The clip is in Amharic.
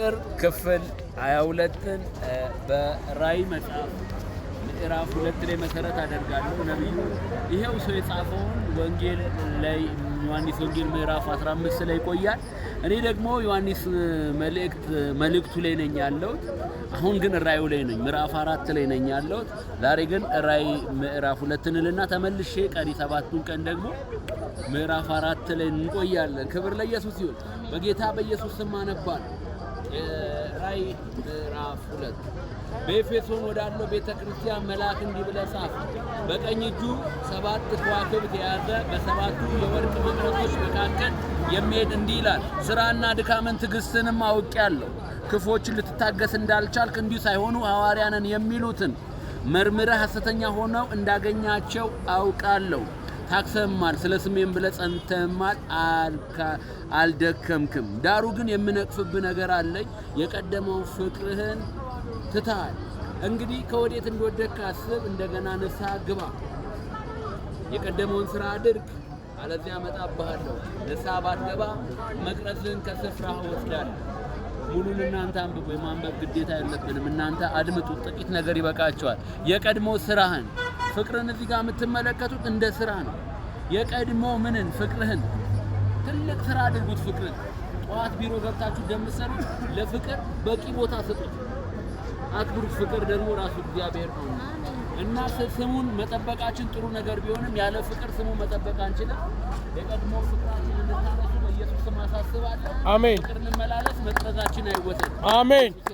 ፍቅር ክፍል 22ን በራእይ መጽሐፍ ምዕራፍ ሁለት ላይ መሰረት አደርጋለሁ። ነቢዩ ይሄው ሰው የጻፈውን ወንጌል ላይ ዮሐንስ ወንጌል ምዕራፍ 15 ላይ ይቆያል። እኔ ደግሞ ዮሐንስ መልእክት መልእክቱ ላይ ነኝ ያለሁት። አሁን ግን ራእዩ ላይ ነኝ፣ ምዕራፍ አራት ላይ ነኝ ያለሁት። ዛሬ ግን ራእይ ምዕራፍ ሁለትን ልና ተመልሼ ቀሪ ሰባቱን ቀን ደግሞ ምዕራፍ አራት ላይ እንቆያለን። ክብር ለኢየሱስ ይሁን። በጌታ በኢየሱስ ስም አነባለሁ። ራእይ ምዕራፍ ሁለት በኤፌሶን ወዳለው ቤተ ክርስቲያን መልአክ እንዲህ ብለህ ጻፍ። በቀኝ እጁ ሰባት ከዋክብት የያዘ በሰባቱ የወርቅ መቅረዞች መካከል የሚሄድ እንዲህ ይላል፣ ስራና ድካምን ትዕግስትንም አውቄአለሁ። ክፎችን ልትታገስ እንዳልቻልክ እንዲሁ ሳይሆኑ ሐዋርያንን የሚሉትን መርምረህ ሐሰተኛ ሆነው እንዳገኛቸው አውቃለሁ። ታክሰማል ስለ ስሜም ብለ ጸንተማል አልደከምክም። ዳሩ ግን የምነቅፍብ ነገር አለኝ፣ የቀደመው ፍቅርህን ትተሃል። እንግዲህ ከወዴት እንደወደክ አስብ፣ እንደገና ንስሐ ግባ፣ የቀደመውን ስራ አድርግ፣ አለዚያ እመጣብሃለሁ። ንስሐ ባትገባ መቅረዝህን ከስፍራህ እወስዳለሁ። ሙሉን እናንተ አንብቡ፣ የማንበብ ግዴታ የለብንም። እናንተ አድምጡ፣ ጥቂት ነገር ይበቃቸዋል። የቀድሞ ስራህን ፍቅርን እዚህ ጋር የምትመለከቱት እንደ ስራ ነው። የቀድሞ ምንን ፍቅርህን ትልቅ ስራ አድርጉት። ፍቅርን ጠዋት ቢሮ ገብታችሁ እንደምትሰሩት ለፍቅር በቂ ቦታ ስጡት፣ አክብሩት። ፍቅር ደግሞ ራሱ እግዚአብሔር ነው እና ስሙን መጠበቃችን ጥሩ ነገር ቢሆንም ያለ ፍቅር ስሙን መጠበቅ አንችልም። የቀድሞ ፍቅራችን እንታረሱ በኢየሱስ ስም አሳስባለሁ። አሜን። ፍቅር እንመላለስ፣ መቅረዛችን አይወሰድ። አሜን።